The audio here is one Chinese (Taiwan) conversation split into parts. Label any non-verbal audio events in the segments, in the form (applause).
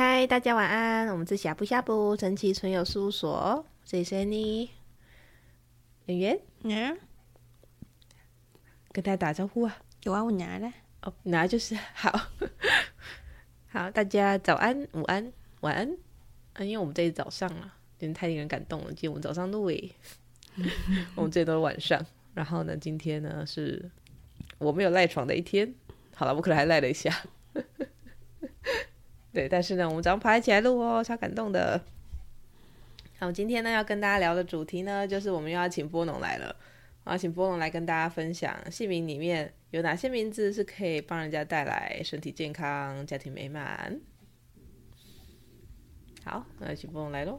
嗨，大家晚安！我們是夏布夏布神奇存有事務所，這裡是 Annie，沅沅，嗯，跟大家打招呼啊！有啊，我拿了哦，oh, 拿就是好， (laughs) 好，大家早安、午安、晚安啊！因、哎、為我們這是早上啊，今天太令人感動了，今天我們早上錄誒， (laughs) (laughs) 我們這些都是晚上。然後呢，今天呢是，我沒有賴床的一天。好了，我可能還賴了一下。 (laughs) 對，但是呢，我們早上爬起來錄哦，超感動的。好，今天呢要跟大家聊的主題呢，就是我們又要請波噥來了，我要請波噥來跟大家分享姓名裡面有哪些名字是可以幫人家帶來身體健康、家庭美滿。好，那請波噥來嘍。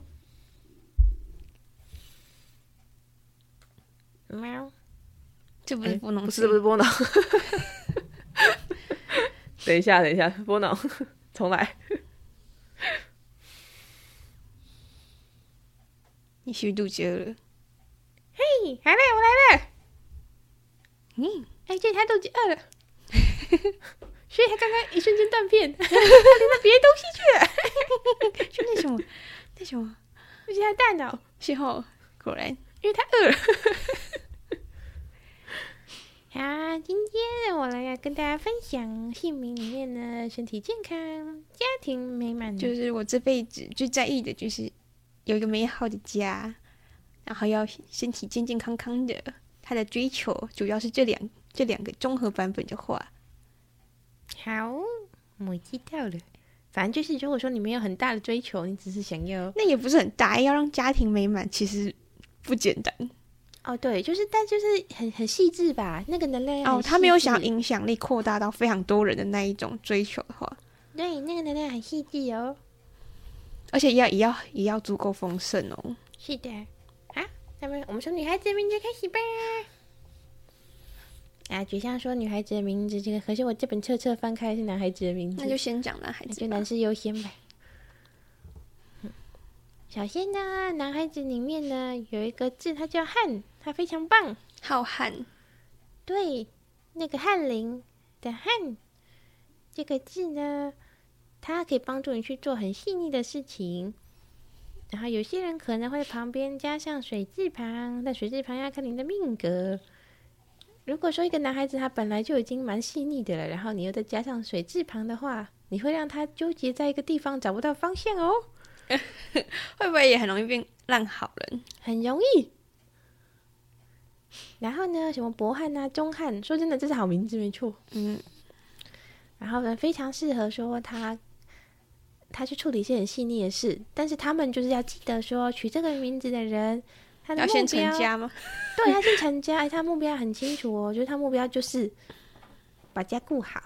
喵？這不是波噥？哎、不是，這不是波噥？ (laughs) (laughs) (laughs) (laughs) 等一下，等一下，波噥，重來。是肚子餓了。嘿，好嘞，我來了。嗯、mm.，哎，這他肚子餓了。 (laughs) 所以他剛剛一瞬間斷片，聽到別的東西去了。就 (laughs) (laughs) 那什麼，那什麼，那 (laughs) 些大腦，然 (laughs) 後果然， (laughs) 因為他餓了。好、 (laughs) 啊，今天我來要跟大家分享姓名裡面的身體健康，家庭美滿，就是我這輩子最在意的，就是。有一個美好的家，然後要身體健健康康的。他的追求主要是這兩這兩個綜合版本的話，好哦，我知道了。反正就是，如果說你沒有很大的追求，你只是想要，那也不是很大。要讓家庭美滿，其實不簡單哦。對，就是但就是很很細緻吧。那個能量哦，他沒有想影響力擴大到非常多人的那一種追求的話，對，那個能量很細緻哦。而且要也要也要，也要足夠豐盛哦。是的，好、啊，下面我們從女孩子的名字開始吧。啊，就像說女孩子的名字這個，可是我這本冊冊翻開是男孩子的名字。那就先講男孩子吧，就男士優先唄。 (laughs) 首先呢，男孩子裡面呢有一個字，它叫漢，它非常棒，好漢。對，那個翰林的翰，這個字呢。他可以幫助你去做很細膩的事情，然後有些人可能會旁邊加上水字旁，那水字旁要看您的命格。如果說一個男孩子他本來就已經蠻細膩的了，然後你又再加上水字旁的話，你會讓他糾結在一個地方找不到方向哦。 (laughs) 會不會也很容易變爛好人？很容易。然後呢，什麼柏翰啊、中翰？說真的，這是好名字，沒錯。嗯。 (laughs) 然後呢，非常適合說他。他去處理一些很細膩的事，但是他們就是要記得說，取這個名字的人，他的目標，要先成家嗎？ (laughs) 對，他先成家，哎，他目標很清楚哦，就是他目標就是把家顧好，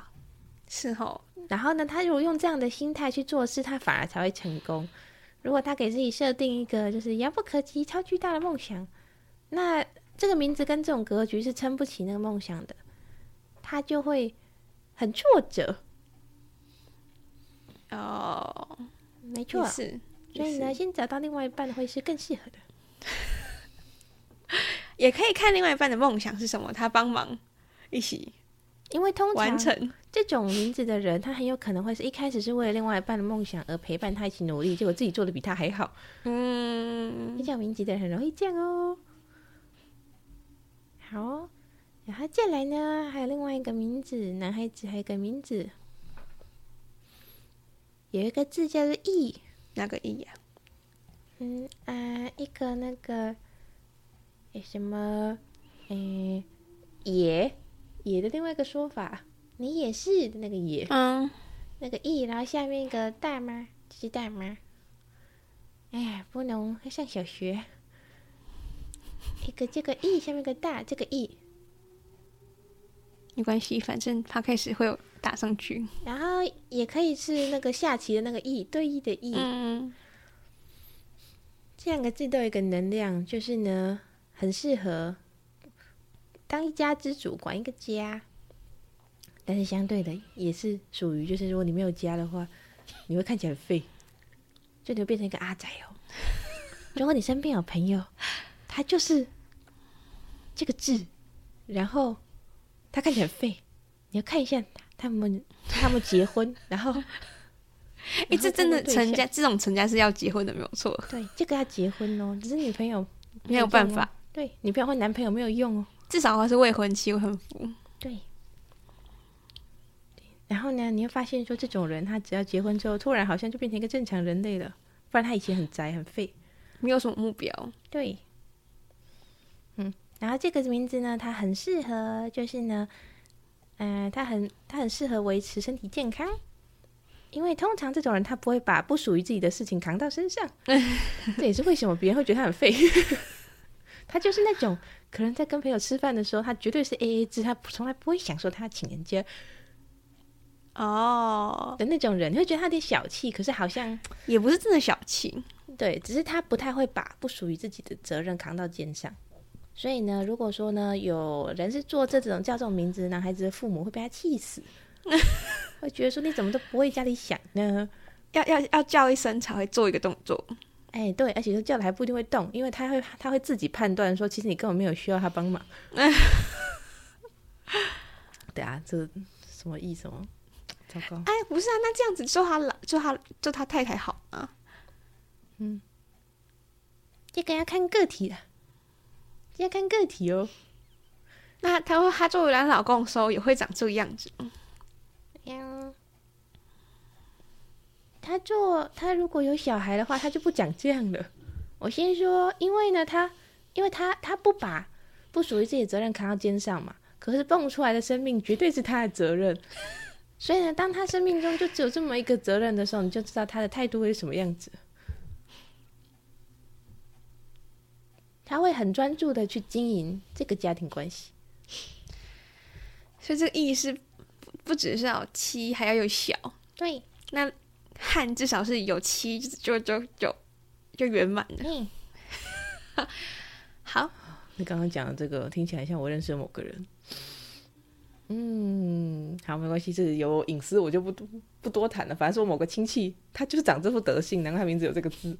是哦。然後呢，他如果用這樣的心態去做事，他反而才會成功。如果他給自己設定一個就是遙不可及、超巨大的夢想，那這個名字跟這種格局是撐不起那個夢想的，他就會很挫折。沒錯，所以呢，先找到另外一半會是更適合的。 (laughs) 也可以看另外一半的夢想是什麼，他幫忙一起，因為通常這種名字的人，他很有可能會是一開始是為了另外一半的夢想而陪伴他一起努力， (laughs) 結果自己做的比他還好。嗯，比較名字的人很容易這樣哦。好，然後再來呢，還有另外一個名字，男孩子還有一個名字。有一個字叫做意，那個意呀？嗯啊、呃，一個那個什麼？嗯、呃，也“也”的另外一個說法，你也是那個“也”？嗯，那個意，然後下面一個“大”嗎？是“大”嗎？哎呀，不能上小學。一個這個意，下面一個“大”，這個意。沒關係，反正他開始會有。打上去，然後也可以是那個下棋的那個「弈」，對弈的「弈」。嗯，這兩個字都有一個能量，就是呢，很適合當一家之主，管一個家。但是相對的，也是屬於就是，如果你沒有家的話，你會看起來很廢，就你會變成一個阿仔哦。如 (laughs) 果你身邊有朋友，他就是這個字，然後他看起來很廢，你要看一下。他們，他們結婚， (laughs) 然後，誒、欸，這真的成家， (laughs) 這種成家是要結婚的，沒有錯。對，這個要結婚哦，只是女朋友 (laughs) 沒有辦法。對，女朋友或男朋友沒有用哦，至少還是未婚妻、我很服。對。對，然後呢，你會發現說，這種人他只要結婚之後，突然好像就變成一個正常人類了。不然他以前很宅，很廢， (laughs) 沒有什麼目標。對。嗯，然後這個名字呢，它很適合，就是呢。呃，他很他很適合維持身體健康，因為通常這種人他不會把不屬於自己的事情扛到身上。 (laughs) 這也是為什麼別人會覺得他很廢。 (laughs) 他就是那種可能在跟朋友吃飯的時候，他絕對是 AA 制，他從來不會想說他請人家。哦，的那種人，哦、你會覺得他有點小氣，可是好像也不是真的小氣。對，只是他不太會把不屬於自己的責任扛到肩上。所以呢，如果說呢，有人是做這種叫這種名字，男孩子，的父母會被他氣死， (laughs) 會覺得說，你怎麼都不為家裡想呢？要要要叫一聲才會做一個動作？哎，對，而且叫了還不一定會動，因為他會他會自己判斷說，其實你根本沒有需要他幫忙。 (laughs) 對啊，這什麼意思嗎？糟糕！哎，不是啊，那這樣子做他老做他做他太太好啊。嗯，這個要看個體的。要看個體哦。那他說他作為男老公的時候也會長這個樣子。嗯、他做他如果有小孩的話，他就不講這樣了。我先說，因為呢，他因為他他不把不屬於自己的責任扛到肩上嘛。可是蹦出來的生命絕對是他的責任。 (laughs) 所以呢，當他生命中就只有這麼一個責任的時候，你就知道他的態度會是什麼樣子。他會很專注地去經營這個家庭關係，所以這個意思不只是要妻，還要有小。對，那漢至少是有妻，就就就就，就圓滿了。嗯， (laughs) 好，你剛剛講的這個聽起來像我認識的某個人。嗯，好，沒關係，這是有隱私，我就不不多談了。反正是我某個親戚，他就是長這副德性，難怪他名字有這個字。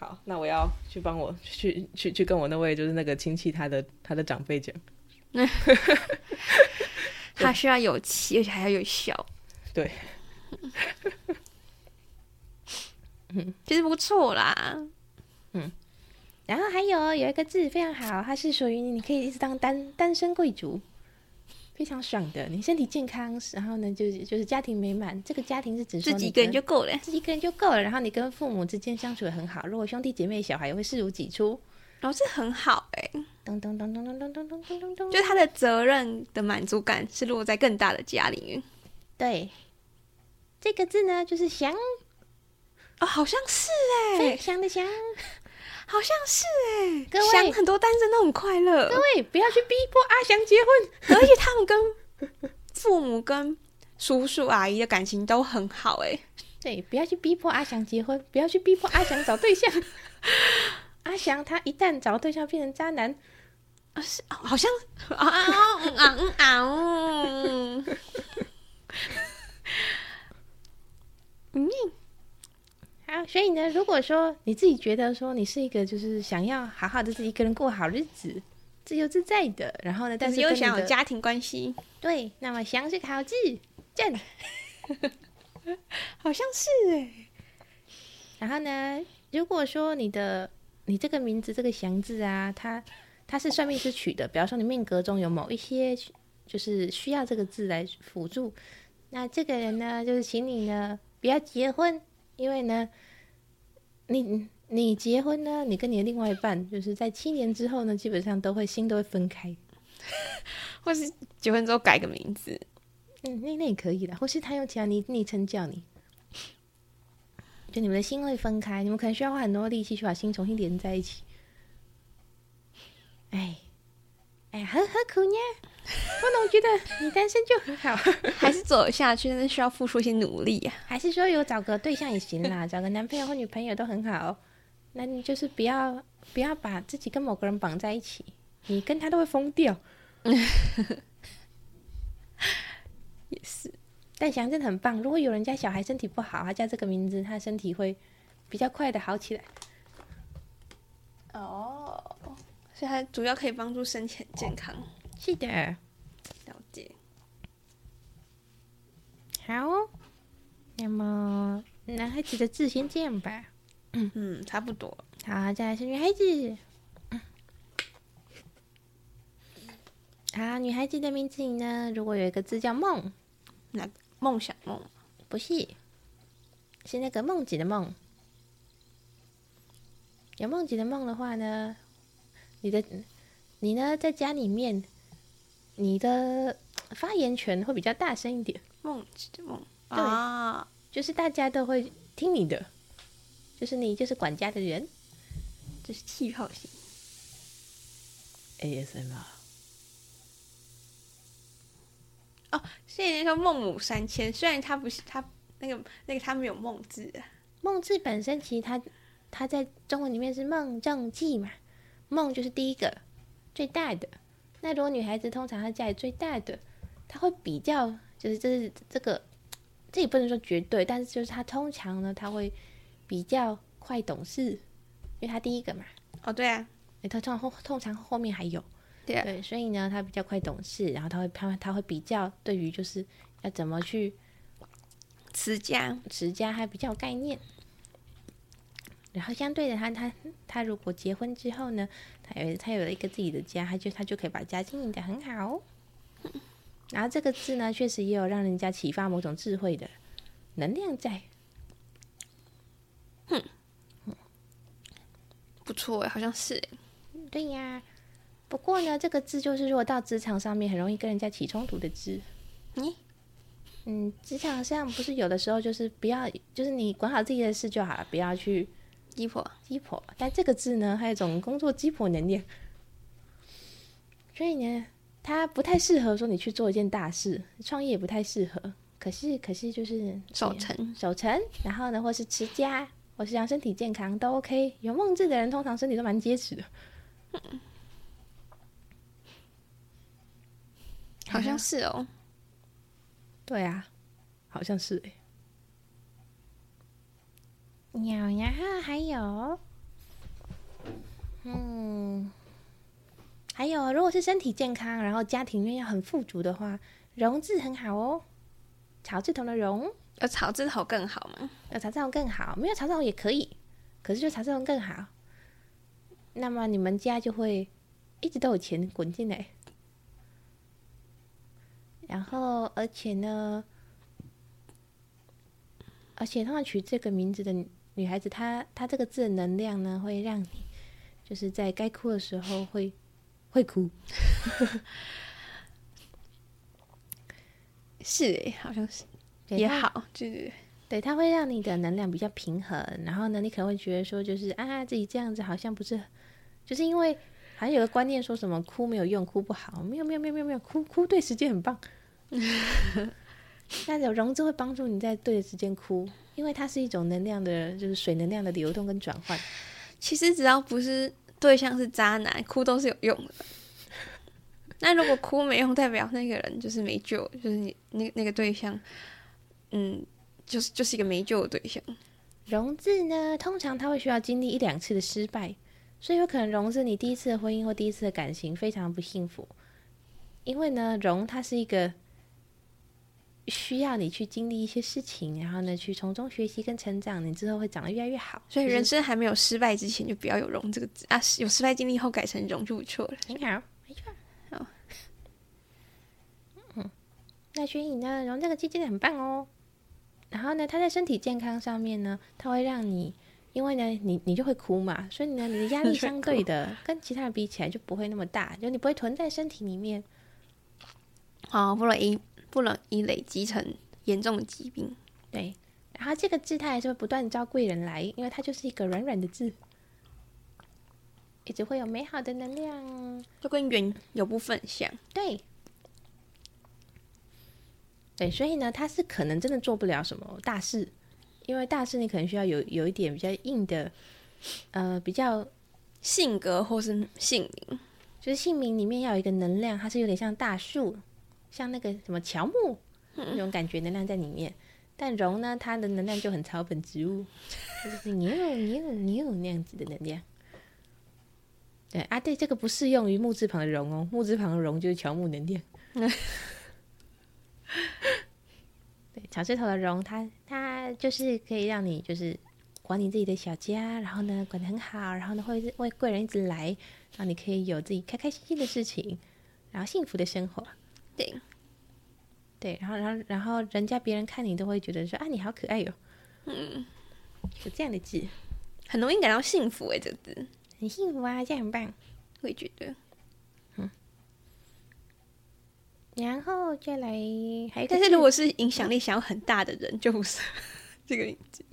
好，那我要去幫我去去去跟我那位就是那個親戚他的他的長輩講，那 (laughs) 他需要有氣，而且還要有笑，對，嗯， (laughs) 其實不錯啦，嗯，然後還有有一個字非常好，它是屬於你可以一直當單單身貴族。非常爽的，你身體健康，然後呢，就是就是家庭美滿。這個家庭是指說，自己一個人就夠了，自己一個人就夠了。然後你跟父母之間相處得很好，如果兄弟姐妹、小孩也會視如己出，然、哦、後是很好，哎、欸。咚咚咚,咚咚咚咚咚咚咚咚咚咚咚，就他的責任的滿足感是落在更大的家裡面。對，這個字呢，就是“想”哦，好像是哎、欸，“想,想”的“想”。好像是哎、欸，各位想很多單身都很快樂。各位不要去逼迫阿翔結婚， (laughs) 而且他們跟父母、跟叔叔阿姨的感情都很好、欸。哎，對，不要去逼迫阿翔結婚，不要去逼迫阿翔找對象。 (laughs) 阿翔他一旦找個對象變成渣男，是好像啊啊啊啊！ (laughs) 哦嗯嗯嗯 (laughs) 所以呢，如果說你自己覺得說你是一個就是想要好好的自己一個人過好日子，自由自在的，然後呢，但是又想有家庭關係，對，那麼祥是好字，正，好像是哎。然後呢，如果說你的你這個名字這個祥字啊，它它是算命師取的，比方說你命格中有某一些就是需要這個字來輔助，那這個人呢，就是請你呢不要結婚，因為呢，你你結婚呢？你跟你的另外一半，就是在七年之後呢，基本上都會心都會分開， (laughs) 或是結婚之後改個名字，嗯，那那也可以的，或是他用其他昵昵稱叫你，就你們的心會分開，你們可能需要花很多力氣去把心重新連在一起。哎，哎，何何苦呢？那、 (laughs) 哦、我覺得你單身就很好，還是走下去，但是需要付出一些努力呀。還是說有找個對象也行啦， (laughs) 找個男朋友或女朋友都很好。那你就是不要不要把自己跟某個人綁在一起，你跟他都會瘋掉。也是，但祥真的很棒。如果有人家小孩身體不好，他叫這個名字，他身體會比較快的好起來。哦、oh.，所以他主要可以幫助身體很健康。Oh. 是的，了解。好哦，那麼男孩子的字先這樣吧。嗯嗯，差不多。好啊，再來是女孩子。好啊，女孩子的名字裡呢，如果有一個字叫夢，那夢想夢，不是，是那個夢姐的夢。有夢姐的夢的話呢，你的你呢，在家裡面。你的發言權會比較大聲一點。夢之夢，對，就是大家都會聽你的，就是你就是管家的人，啊，這，就是氣泡型。ASMR。哦，謝謝說孟母三遷，雖然他不是他那個那個，那個，他沒有孟字，孟字本身其實他他在中文裡面是孟正記嘛，孟就是第一個最大的。那如果女孩子通常她家裡最大的，她會比較就是這是這個，這也不能說絕對，但是就是她通常呢，她會比較快懂事，因為她第一個嘛。哦，對啊，欸，她通常通常後面還有，對對，所以呢，她比較快懂事，然後她會她她會比較對於就是要怎麼去持家，持家還比較有概念。然後相對的，他他他如果結婚之後呢，他有他有了一個自己的家，他就他就可以把家經營的很好，嗯。然後這個字呢，確實也有讓人家啟發某種智慧的能量在。哼、嗯，不錯好像是對呀。不過呢，這個字就是如果到職場上面很容易跟人家起衝突的字。你，嗯，嗯，職場上不是有的時候就是不要，就是你管好自己的事就好了，不要去。雞婆，雞婆，但這個字呢，還有一種工作雞婆能力，所以呢，他不太適合說你去做一件大事，創業也不太適合。可是，可是就是守成，守成，然後呢，或是持家，或是讓身體健康都 OK。有夢志的人，通常身體都蠻結實的、嗯，好像是哦，好像，對啊，好像是誒、欸。有，呀，還有，嗯，還有，如果是身體健康，然後家庭面要很富足的話，容字很好哦。草字頭的容。有草字頭更好嗎？有草字頭更好，沒有草字頭也可以，可是就草字頭更好。那麼你們家就會一直都有錢滾進來。然後，而且呢，而且他們取這個名字的。女孩子，她她這個字的能量呢，會讓你就是在該哭的時候會 (laughs) 會哭， (laughs) 是好像是也好，就是對，她它會讓你的能量比較平衡。然後呢，你可能會覺得說，就是啊，自己這樣子好像不是，就是因為好像有個觀念說什麼哭沒有用，哭不好，沒有沒有沒有沒有沒有，哭哭對時間很棒。 (laughs) (laughs) 那有融資會幫助你在對的時間哭。因為它是一種能量的，就是水能量的流動跟轉換。其實只要不是對象是渣男，哭都是有用的。 (laughs) 那如果哭沒用，代表那個人就是沒救，就是你那那個對象，嗯，就是就是一個沒救的對象。融字呢，通常他會需要經歷一兩次的失敗，所以有可能融字你第一次的婚姻或第一次的感情非常不幸福。因為呢，融它是一個。需要你去經歷一些事情，然後呢，去從中學習跟成長，你之後會長得越來越好。所以人生還沒有失敗之前，就不要有“榮”這個字啊，有失敗經歷後改成“榮”就不錯了。很好，沒錯，好。嗯嗯，那學穎呢？容這個字真的很棒哦。然後呢，他在身體健康上面呢，他會讓你，因為呢，你你就會哭嘛，所以呢，你的壓力相對的 (laughs) 跟其他人比起來就不會那麼大，就你不會囤在身體裡面。好，不落音。不容易累積成嚴重的疾病，對。然後這個字它還是會不斷的招貴人來，因為它就是一個軟軟的字，一直會有美好的能量，就跟原有部分像。對，對，所以呢，他是可能真的做不了什麼大事，因為大事你可能需要有有一點比較硬的，呃，比較性格或是姓名，就是姓名裡面要有一個能量，它是有點像大樹。像那個什麼喬木那種感覺，能量在裡面。嗯、但榮呢，它的能量就很草本植物， (laughs) 就是你 e 你 n 那樣子的能量。對啊對，對這個不適用於木字旁的榮哦。木字旁的榮就是喬木能量。嗯、 (laughs) 對，草字頭的榮，它它就是可以讓你就是管理自己的小家，然後呢管的很好，然後呢會為貴人一直來，讓你可以有自己開開心心的事情，然後幸福的生活。對,對，然後，然後，然後，人家別人看你都會覺得說：“啊，你好可愛喲、哦。”嗯，有這樣的字，很容易感到幸福哎，這個字很幸福啊，這樣很棒，會覺得。嗯，然後再來還，但是如果是影響力想要很大的人，啊、就是這個字。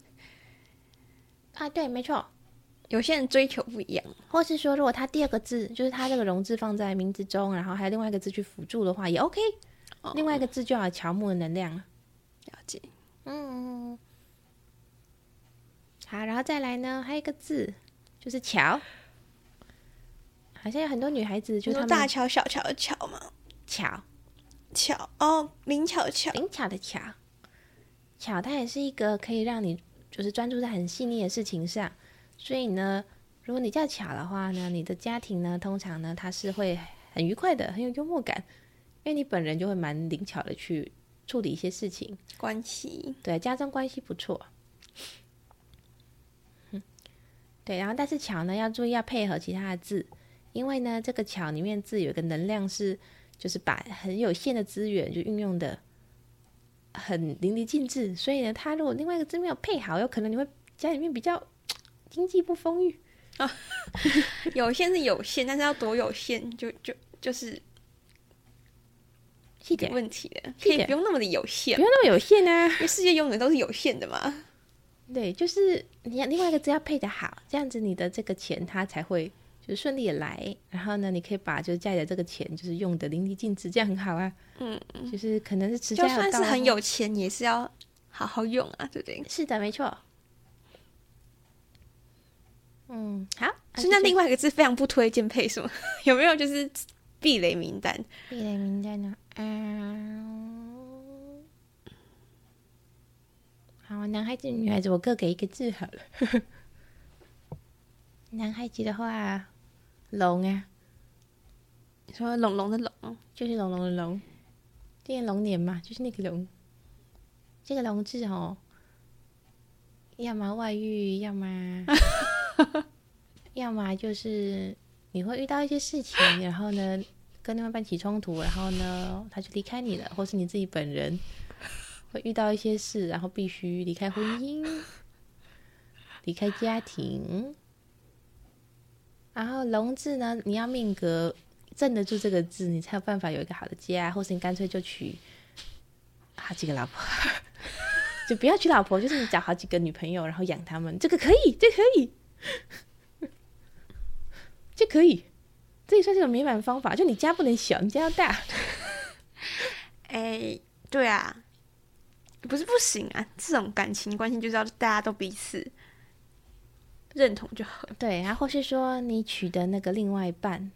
啊，對，沒錯。有些人追求不一樣，或是說，如果他第二個字就是他這個“融”字放在名字中，然後還有另外一個字去輔助的話，也 OK。Oh. 另外一個字就有喬木的能量，了解。嗯，好，然後再來呢，還有一個字就是“巧”。好像有很多女孩子就你是大喬、小喬的喬嘛，喬巧哦，靈巧巧靈巧的巧，巧它也是一個可以讓你就是專注在很細膩的事情上。所以呢，如果你叫巧的話呢，你的家庭呢，通常呢，它是會很愉快的，很有幽默感，因為你本人就會蠻靈巧的去處理一些事情關係。對，家中關係不錯。嗯，對。然後，但是巧呢要注意要配合其他的字，因為呢，這個巧裡面字有一個能量是，就是把很有限的資源就運用得很淋漓盡致。嗯、所以呢，他如果另外一個字沒有配好，有可能你會家裡面比較。經濟不豐裕啊， (laughs) 有限是有限，但是要多有限就就就是一點問題了，可以不用那麼的有限，的的有限的，不用那麼有限啊，因為世界永遠都是有限的嘛。對，就是你另外一個只要配得好，這樣子你的這個錢它才會就順利來。然後呢，你可以把就是家裡的這個錢就是用得淋漓盡致，這樣很好啊。嗯，就是可能是就算是很有錢，也是要好好用啊，對不對？是的，沒錯。嗯，好、啊。現、啊、在另外一個字非常不推薦配什麼？ (laughs) 有沒有就是避雷名單？避雷名單呢、哦？嗯、啊，好。男孩子、女孩子，我各給一個字好了。 (laughs) 男孩子的話，龍啊。你說“龍龍”的龍，就是龍龍龍“龍龍”的龍，這個龍年嘛，就是那個龍。這個龍字哦，要麼外遇，要麼。 (laughs) (laughs) 要麼就是你會遇到一些事情，然後呢跟另外一半起衝突，然後呢他就離開你了，或是你自己本人會遇到一些事，然後必須離開婚姻、離開家庭。然後龍字呢，你要命格鎮得住這個字，你才有辦法有一個好的家，或是你乾脆就娶好幾個老婆， (laughs) 就不要娶老婆，就是你找好幾個女朋友，然後養他們，這個可以，這個、可以。 (laughs) 就可以，這也算是一種美滿方法。就你家不能小，你家要大。誒、 (laughs) 欸，對啊，不是不行啊。這種感情關係就是要大家都彼此認同就好。對、啊，然後或是說你娶的那個另外一半，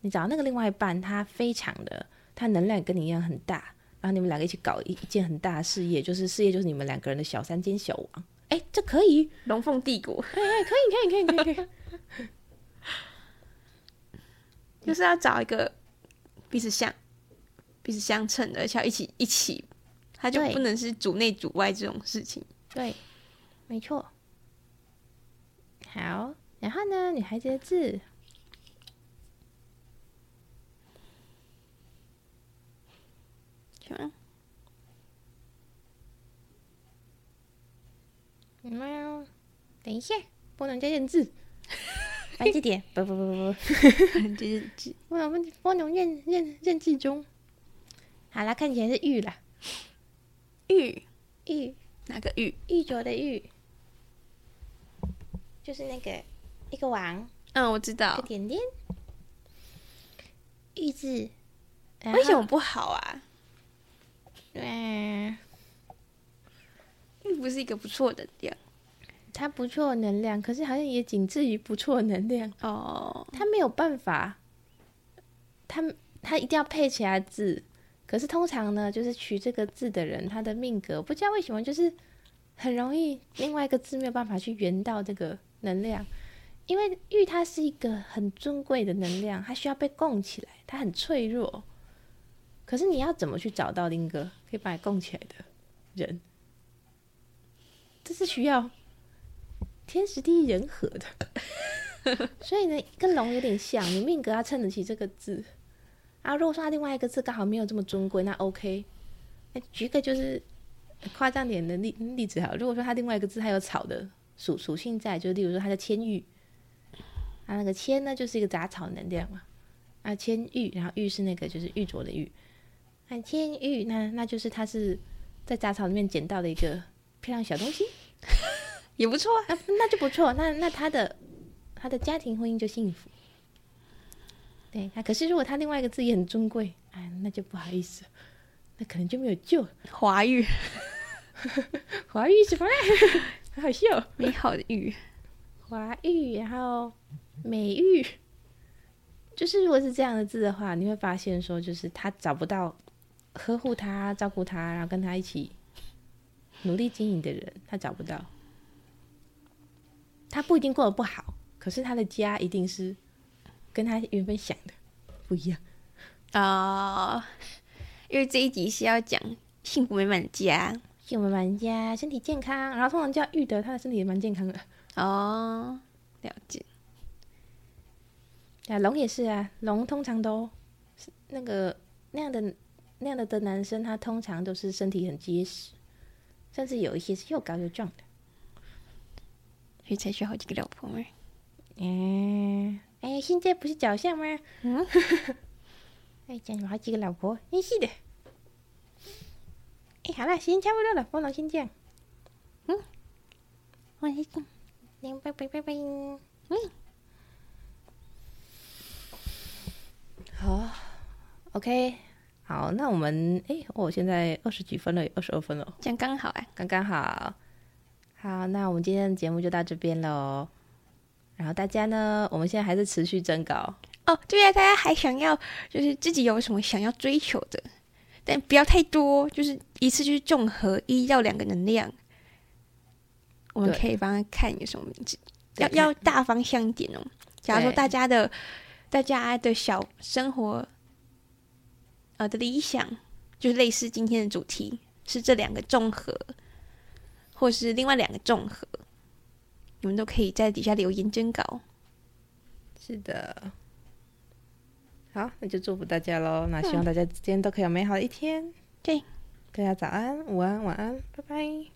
你找到那個另外一半，他非常的，他能量跟你一樣很大，然後你們兩個一起搞一一件很大的事業，就是事業就是你們兩個人的小三間小王。哎，這可以，龍鳳帝國，哎，可以，可以，可以，可以，可以可以，可以，可以，可以，就是要找一個彼此相，彼此相稱的，而且要一起一起，它，就不能是主內主外這種事情對。對，沒錯。好，然後呢，女孩子的字，媽、嗯、等一下，波噥在認字，翻字典，不不不不， (laughs) 不認字！波噥波噥認認認字中。好了，看起來是玉了，玉玉哪個玉？玉鐲的玉，就是那個一、那個王。嗯，我知道。點點玉字，為什麼不好啊？對。是不是一個不錯的能量，它，不錯的能量，可是好像也僅次於不錯的能量哦。Oh. 它沒有辦法，它，他一定要配其他字。可是通常呢，就是取這個字的人，他的命格不知道為什麼，就是很容易另外一個字沒有辦法去圓到這個能量，因為玉它是一個很尊貴的能量，它需要被供起來，它很脆弱。可是你要怎麼去找到另一個可以把你供起來的人？這是需要天時地利人和的， (laughs) 所以呢，跟龍有點像，你命格要稱得起這個字啊。如果說他另外一個字剛好沒有這麼尊貴，那 OK。那舉個就是誇張點的例例子，哈，如果說他另外一個字還有草的屬屬性在，就是、例如說他叫千玉，啊，那個千呢就是一個雜草能量嘛，啊，千玉，然後玉是那個就是玉鐲的玉，啊，千玉，那那就是他是在雜草裡面撿到的一個。漂亮小東西 (laughs) 也不錯、啊啊，那就不錯。那那他的他的家庭婚姻就幸福。對他、啊，可是如果他另外一個字也很尊貴，哎、啊，那就不好意思，那可能就沒有救。華玉，華 (laughs) 玉什麼？很 (laughs) 好笑，美好的玉。華玉，然後美玉，就是如果是這樣的字的話，你會發現說，就是他找不到呵護他、照顧他，然後跟他一起。努力經營的人，他找不到。他不一定過得不好，可是他的家一定是跟他原本想的不一樣。哦，因為這一集是要講幸福美滿家，幸福美滿家，身體健康。然後通常叫玉德，他的身體也蠻健康的。哦，了解。啊，龍也是啊，龍通常都那個那樣的那樣的的男生，他通常都是身體很結實。甚至有一些是又高又壯的，所以才娶好幾個老婆嗎？嗯，哎、欸，現在不是腳下嗎？嗯，見 (laughs) 講、欸、好幾個老婆，真、欸、是的。哎、欸，好了，時間差不多了， (laughs) 我先這樣。嗯，我先講，拜拜拜拜拜。嗯，好，OK。好，那我們哎，我、哦、現在二十幾分了，二十二分了，這樣剛好哎、啊，剛剛好。好，那我們今天的節目就到這邊嘍。然後大家呢，我們現在還是持續徵稿哦。對呀、啊，大家還想要就是自己有什麼想要追求的，但不要太多，就是一次去中和合一到兩個能量。我們可以幫他看有什麼名字，要要大方向一點哦。假如說大家的大家的小生活。呃的理想，就是類似今天的主題，是這兩個綜合，或是另外兩個綜合，你們都可以在底下留言徵稿。是的，好，那就祝福大家嘍。那希望大家今天都可以有美好的一天。對、嗯，大家早安、午安、晚安，拜拜。